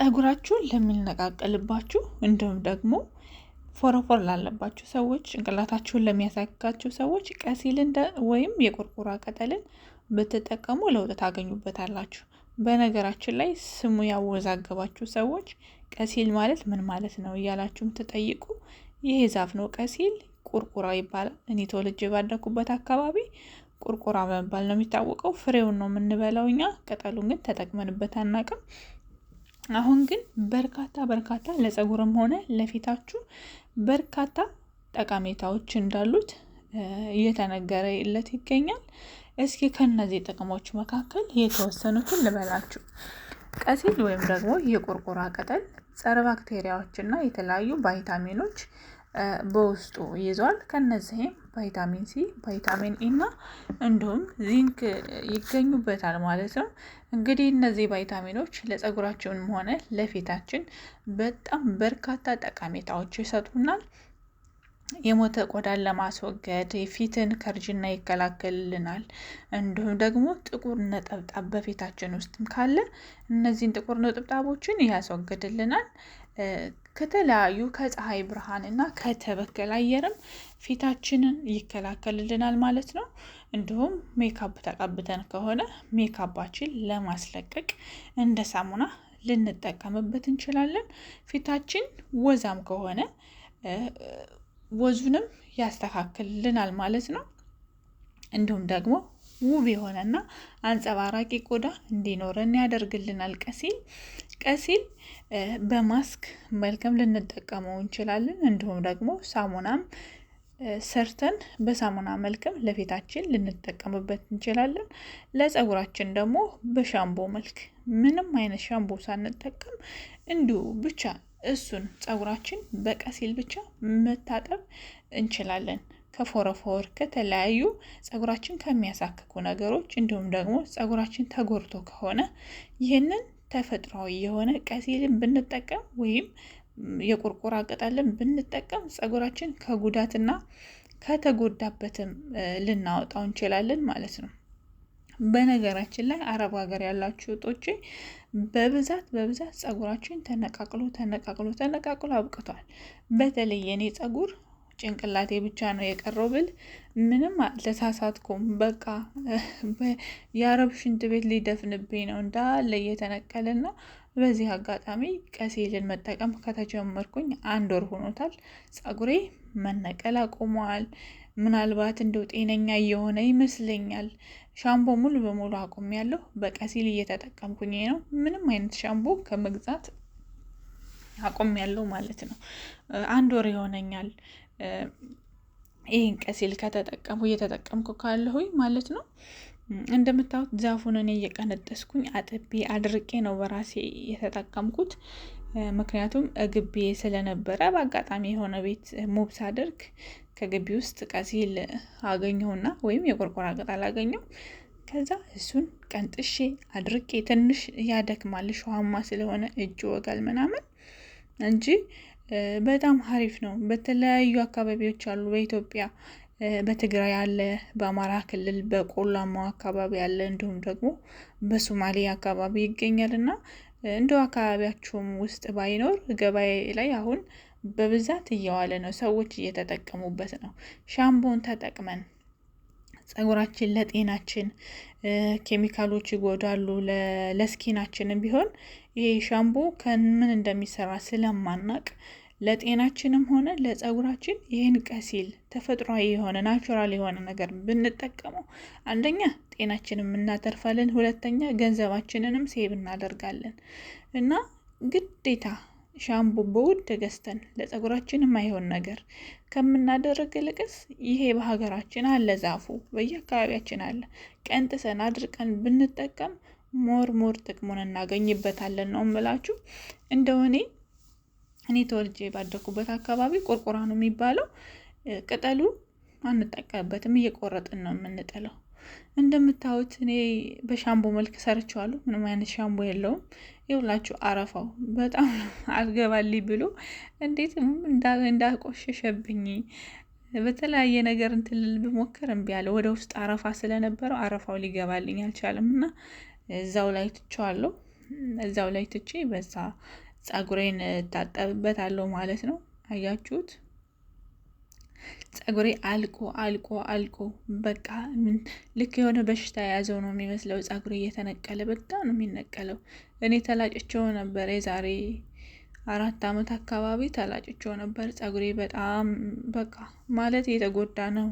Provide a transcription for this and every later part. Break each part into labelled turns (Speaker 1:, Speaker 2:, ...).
Speaker 1: ፀጉራችሁን ለሚነቃቀልባችሁ እንዲሁም ደግሞ ፎረፎር ላለባችሁ ሰዎች እንቅላታችሁን ለሚያሳካችሁ ሰዎች ቀሲልን ወይም የቆርቆራ ቅጠልን ብትጠቀሙ ለውጥ ታገኙበታላችሁ። በነገራችን ላይ ስሙ ያወዛገባችሁ ሰዎች ቀሲል ማለት ምን ማለት ነው እያላችሁም ትጠይቁ። ይህ ዛፍ ነው ቀሲል ቁርቁራ ይባላል። እኔ ተወልጄ ባደኩበት አካባቢ ቁርቁራ በመባል ነው የሚታወቀው። ፍሬውን ነው የምንበላው እኛ፣ ቅጠሉን ግን ተጠቅመንበት አናውቅም። አሁን ግን በርካታ በርካታ ለጸጉርም ሆነ ለፊታችሁ በርካታ ጠቀሜታዎች እንዳሉት እየተነገረለት ይገኛል። እስኪ ከእነዚህ ጥቅሞች መካከል የተወሰኑትን ልበላችሁ። ቀሲል ወይም ደግሞ የቁርቁራ ቅጠል ጸረ ባክቴሪያዎች እና የተለያዩ ቫይታሚኖች በውስጡ ይዟል። ከነዚህም ቫይታሚን ሲ፣ ቫይታሚን ኢ e እና እንዲሁም ዚንክ ይገኙበታል ማለት ነው። እንግዲህ እነዚህ ቫይታሚኖች ለፀጉራችንም ሆነ ለፊታችን በጣም በርካታ ጠቀሜታዎች ይሰጡናል። የሞተ ቆዳን ለማስወገድ የፊትን ከርጅና ይከላከልልናል። እንዲሁም ደግሞ ጥቁር ነጠብጣብ በፊታችን ውስጥም ካለ እነዚህን ጥቁር ነጠብጣቦችን ያስወግድልናል። ከተለያዩ ከፀሐይ ብርሃን እና ከተበከለ አየርም ፊታችንን ይከላከልልናል ማለት ነው። እንዲሁም ሜካፕ ተቀብተን ከሆነ ሜካፓችን ለማስለቀቅ እንደ ሳሙና ልንጠቀምበት እንችላለን። ፊታችን ወዛም ከሆነ ወዙንም ያስተካክልልናል ማለት ነው። እንዲሁም ደግሞ ውብ የሆነና አንጸባራቂ ቆዳ እንዲኖረን ያደርግልናል። ቀሲል ቀሲል በማስክ መልክም ልንጠቀመው እንችላለን። እንዲሁም ደግሞ ሳሙናም ሰርተን በሳሙና መልክም ለፊታችን ልንጠቀምበት እንችላለን። ለፀጉራችን ደግሞ በሻምቦ መልክ ምንም አይነት ሻምቦ ሳንጠቀም እንዲሁ ብቻ እሱን ፀጉራችን በቀሲል ብቻ መታጠብ እንችላለን። ከፎረፎር ከተለያዩ ጸጉራችን ከሚያሳክኩ ነገሮች እንዲሁም ደግሞ ፀጉራችን ተጎርቶ ከሆነ ይህንን ተፈጥሯዊ የሆነ ቀሲልን ብንጠቀም ወይም የቁርቁራ ቅጠልን ብንጠቀም ጸጉራችን ከጉዳትና ከተጎዳበትም ልናወጣው እንችላለን ማለት ነው። በነገራችን ላይ አረብ ሀገር ያላችሁ እጦቼ በብዛት በብዛት ፀጉራችን ተነቃቅሎ ተነቃቅሎ ተነቃቅሎ አብቅቷል። በተለይ የኔ ፀጉር ጭንቅላቴ ብቻ ነው የቀረው ብል ምንም አልተሳሳትኩም። በቃ የአረብ ሽንት ቤት ሊደፍንብኝ ነው እንዳለ ነው። በዚህ አጋጣሚ ቀሲልን መጠቀም ከተጀመርኩኝ አንድ ወር ሆኖታል። ጸጉሬ መነቀል አቁመዋል። ምናልባት እንደው ጤነኛ እየሆነ ይመስለኛል። ሻምቦ ሙሉ በሙሉ ያለሁ በቀሲል እየተጠቀምኩኝ ነው። ምንም አይነት ሻምቦ ከመግዛት አቁም ያለው ማለት ነው። አንድ ወር ይሆነኛል። ይህን ቀሲል ከተጠቀሙ እየተጠቀምኩ ካለሁኝ ማለት ነው። እንደምታዩት ዛፉን እኔ እየቀነጠስኩኝ አጥቤ አድርቄ ነው በራሴ የተጠቀምኩት። ምክንያቱም ግቤ ስለነበረ በአጋጣሚ የሆነ ቤት ሙብ ሳደርግ ከግቢ ውስጥ ቀሲል አገኘሁና ወይም የቆርቆራ ቅጠል አገኘሁ። ከዛ እሱን ቀንጥሼ አድርቄ ትንሽ ያደክማል፣ እሾሃማ ስለሆነ እጅ ወጋል ምናምን እንጂ በጣም ሀሪፍ ነው። በተለያዩ አካባቢዎች አሉ። በኢትዮጵያ በትግራይ አለ፣ በአማራ ክልል በቆላማው አካባቢ አለ፣ እንዲሁም ደግሞ በሶማሌ አካባቢ ይገኛል እና እንደው አካባቢያችሁም ውስጥ ባይኖር ገበያ ላይ አሁን በብዛት እየዋለ ነው። ሰዎች እየተጠቀሙበት ነው። ሻምቦን ተጠቅመን ጸጉራችን ለጤናችን ኬሚካሎች ይጎዳሉ። ለስኪናችንም ቢሆን ይሄ ሻምቦ ከምን እንደሚሰራ ስለማናቅ ለጤናችንም ሆነ ለፀጉራችን ይህን ቀሲል ተፈጥሯዊ የሆነ ናቹራል የሆነ ነገር ብንጠቀመው አንደኛ ጤናችንም እናተርፋለን፣ ሁለተኛ ገንዘባችንንም ሴብ እናደርጋለን እና ግዴታ ሻምቦ በውድ ገዝተን ለፀጉራችን የማይሆን ነገር ከምናደርግ ልቅስ ይሄ በሀገራችን አለ፣ ዛፉ በየአካባቢያችን አለ፣ ቀንጥሰን አድርቀን ብንጠቀም ሞር ሞር ጥቅሙን እናገኝበታለን ነው ምላችሁ። እንደው እኔ እኔ ተወልጄ ባደኩበት አካባቢ ቆርቆራ ነው የሚባለው። ቅጠሉ አንጠቀምበትም፣ እየቆረጥን ነው የምንጥለው። እንደምታዩት እኔ በሻምቦ መልክ ሰርቸዋለሁ። ምንም አይነት ሻምቦ የለውም። ይውላችሁ አረፋው በጣም አልገባልኝ ብሎ እንዴት እንዳቆሸሸብኝ በተለያየ ነገር እንትልል ብሞክር እምቢ አለ። ወደ ውስጥ አረፋ ስለነበረው አረፋው ሊገባልኝ አልቻለም እና እዛው ላይ ትቼዋለሁ። እዛው ላይ ትቼ በዛ ፀጉሬን አለው ማለት ነው። አያችሁት? ፀጉሬ አልቆ አልቆ አልቆ በቃ ልክ የሆነ በሽታ የያዘው ነው የሚመስለው። ፀጉሬ እየተነቀለ በጣም ነው የሚነቀለው። እኔ ተላጭቸው ነበር የዛሬ አራት ዓመት አካባቢ ተላጭቸው ነበር። ጸጉሬ በጣም በቃ ማለት የተጎዳ ነው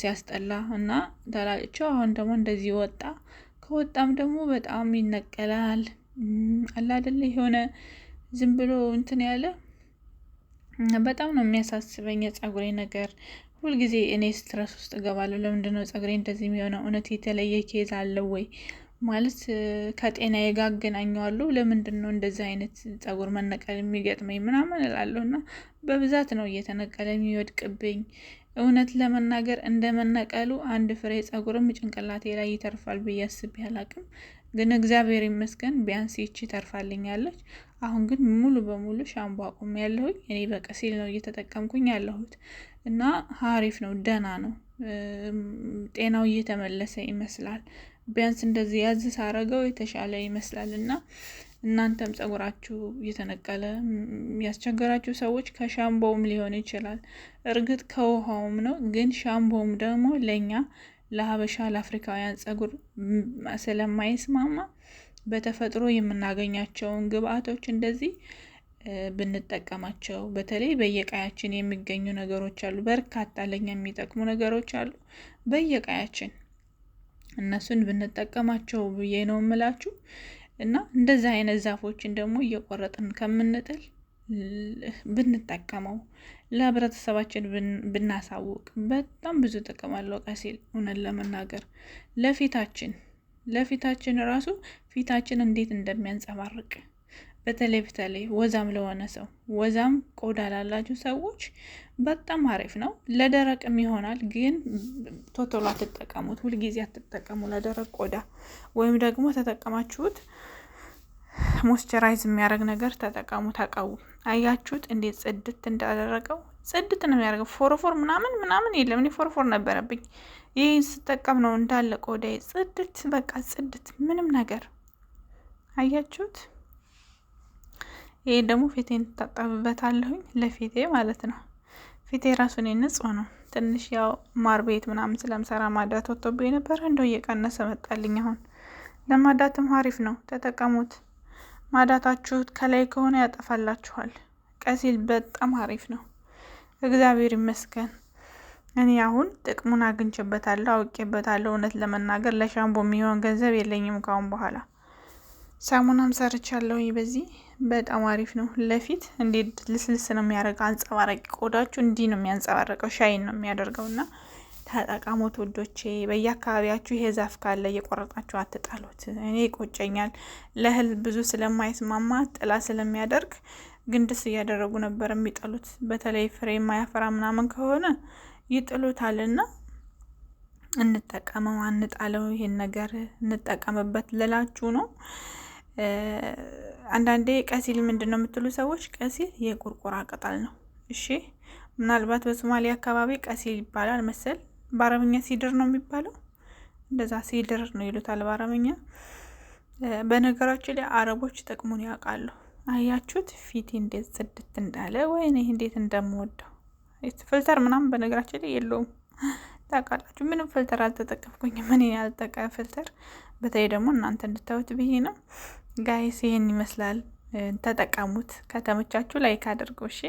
Speaker 1: ሲያስጠላ እና ተላጭቸው አሁን ደግሞ እንደዚህ ወጣ። ከወጣም ደግሞ በጣም ይነቀላል አላደለ የሆነ ዝም ብሎ እንትን ያለ በጣም ነው የሚያሳስበኝ የጸጉሬ ነገር። ሁልጊዜ እኔ ስትረስ ውስጥ እገባለሁ። ለምንድነው ጸጉሬ እንደዚህ የሚሆነው? እውነት የተለየ ኬዝ አለው ወይ? ማለት ከጤና ጋር አገናኘዋለሁ። ለምንድን ነው እንደዚህ አይነት ፀጉር መነቀል የሚገጥመኝ ምናምን እላለሁ እና በብዛት ነው እየተነቀለ የሚወድቅብኝ። እውነት ለመናገር እንደመነቀሉ አንድ ፍሬ ፀጉርም ጭንቅላቴ ላይ ይተርፋል ብዬ አስቤ አላቅም። ግን እግዚአብሔር ይመስገን ቢያንስ ይቺ ተርፋልኛለች። አሁን ግን ሙሉ በሙሉ ሻምቦ አቁሜያለሁኝ። እኔ በቀሲል ነው እየተጠቀምኩኝ ያለሁት እና ሀሪፍ ነው፣ ደህና ነው። ጤናው እየተመለሰ ይመስላል። ቢያንስ እንደዚህ ያዝ ሳረገው የተሻለ ይመስላል እና እናንተም ጸጉራችሁ እየተነቀለ ያስቸገራችሁ ሰዎች ከሻምቦውም ሊሆን ይችላል። እርግጥ ከውሃውም ነው፣ ግን ሻምቦውም ደግሞ ለእኛ ለሀበሻ ለአፍሪካውያን ጸጉር ስለማይስማማ በተፈጥሮ የምናገኛቸውን ግብአቶች እንደዚህ ብንጠቀማቸው በተለይ በየቀያችን የሚገኙ ነገሮች አሉ። በርካታ ለኛ የሚጠቅሙ ነገሮች አሉ በየቀያችን እነሱን ብንጠቀማቸው ብዬ ነው የምላችሁ። እና እንደዚህ አይነት ዛፎችን ደግሞ እየቆረጥን ከምንጥል ብንጠቀመው ለህብረተሰባችን ብናሳውቅ በጣም ብዙ ጥቅም አለው። ቀሲል እውነት ለመናገር ለፊታችን ለፊታችን ራሱ ፊታችን እንዴት እንደሚያንጸባርቅ በተለይ በተለይ ወዛም ለሆነ ሰው ወዛም ቆዳ ላላችሁ ሰዎች በጣም አሪፍ ነው። ለደረቅም ይሆናል፣ ግን ቶቶሎ አትጠቀሙት። ሁልጊዜ አትጠቀሙ ለደረቅ ቆዳ። ወይም ደግሞ ተጠቀማችሁት ሞስቸራይዝ የሚያደርግ ነገር ተጠቀሙ። ታቀቡ። አያችሁት እንዴት ጽድት እንዳደረገው? ጽድት ነው የሚያደርገው። ፎርፎር ምናምን ምናምን የለም። እኔ ፎርፎር ነበረብኝ። ይህ ስጠቀም ነው እንዳለ ቆዳ ጽድት፣ በቃ ጽድት፣ ምንም ነገር አያችሁት። ይሄ ደግሞ ፊቴን ትታጠብበታለሁኝ ለፊቴ ማለት ነው። ፊቴ ራሱን ንጹህ ነው። ትንሽ ያው ማር ቤት ምናምን ስለምሰራ ማዳት ወጥቶብኝ የነበረ እንደው እየቀነሰ መጣልኝ። አሁን ለማዳትም አሪፍ ነው፣ ተጠቀሙት። ማዳታችሁ ከላይ ከሆነ ያጠፋላችኋል። ቀሲል በጣም አሪፍ ነው። እግዚአብሔር ይመስገን። እኔ አሁን ጥቅሙን አግኝቼበታለሁ፣ አውቄበታለሁ። እውነት ለመናገር ለሻምቦ የሚሆን ገንዘብ የለኝም ካሁን በኋላ። ሳሙናም ሰርቻለሁኝ በዚህ በጣም አሪፍ ነው። ለፊት እንዴት ልስልስ ነው የሚያደርገው፣ አንጸባራቂ ቆዳችሁ እንዲህ ነው የሚያንጸባረቀው፣ ሻይን ነው የሚያደርገው እና ተጠቃሙት ውዶቼ። በየአካባቢያችሁ ይሄ ዛፍ ካለ እየቆረጣችሁ አትጣሉት። እኔ ይቆጨኛል፣ ለእህል ብዙ ስለማይስማማ ጥላ ስለሚያደርግ ግንድስ እያደረጉ ነበር የሚጠሉት። በተለይ ፍሬ የማያፈራ ምናምን ከሆነ ይጥሉታልና እንጠቀመው፣ አንጣለው፣ ይሄን ነገር እንጠቀምበት ልላችሁ ነው። አንዳንዴ ቀሲል ምንድን ነው የምትሉ ሰዎች ቀሲል የቁርቁራ ቅጠል ነው። እሺ ምናልባት በሶማሌ አካባቢ ቀሲል ይባላል መሰል። በአረብኛ ሲድር ነው የሚባለው፣ እንደዛ ሲድር ነው ይሉታል በአረብኛ። በነገራችን ላይ አረቦች ጥቅሙን ያውቃሉ። አያችሁት? ፊቴ እንዴት ጽድት እንዳለ ወይኔ እንዴት እንደምወደው። ፊልተር ምናምን በነገራችን ላይ የለውም ታውቃላችሁ። ምንም ፊልተር አልተጠቀምኩኝም እኔ ያልጠቀ ፍልተር በተለይ ደግሞ እናንተ እንድታዩት ብዬ ነው። ጋይስ ይህን ይመስላል። ተጠቀሙት። ከተመቻችሁ ላይክ አድርጉ እሺ።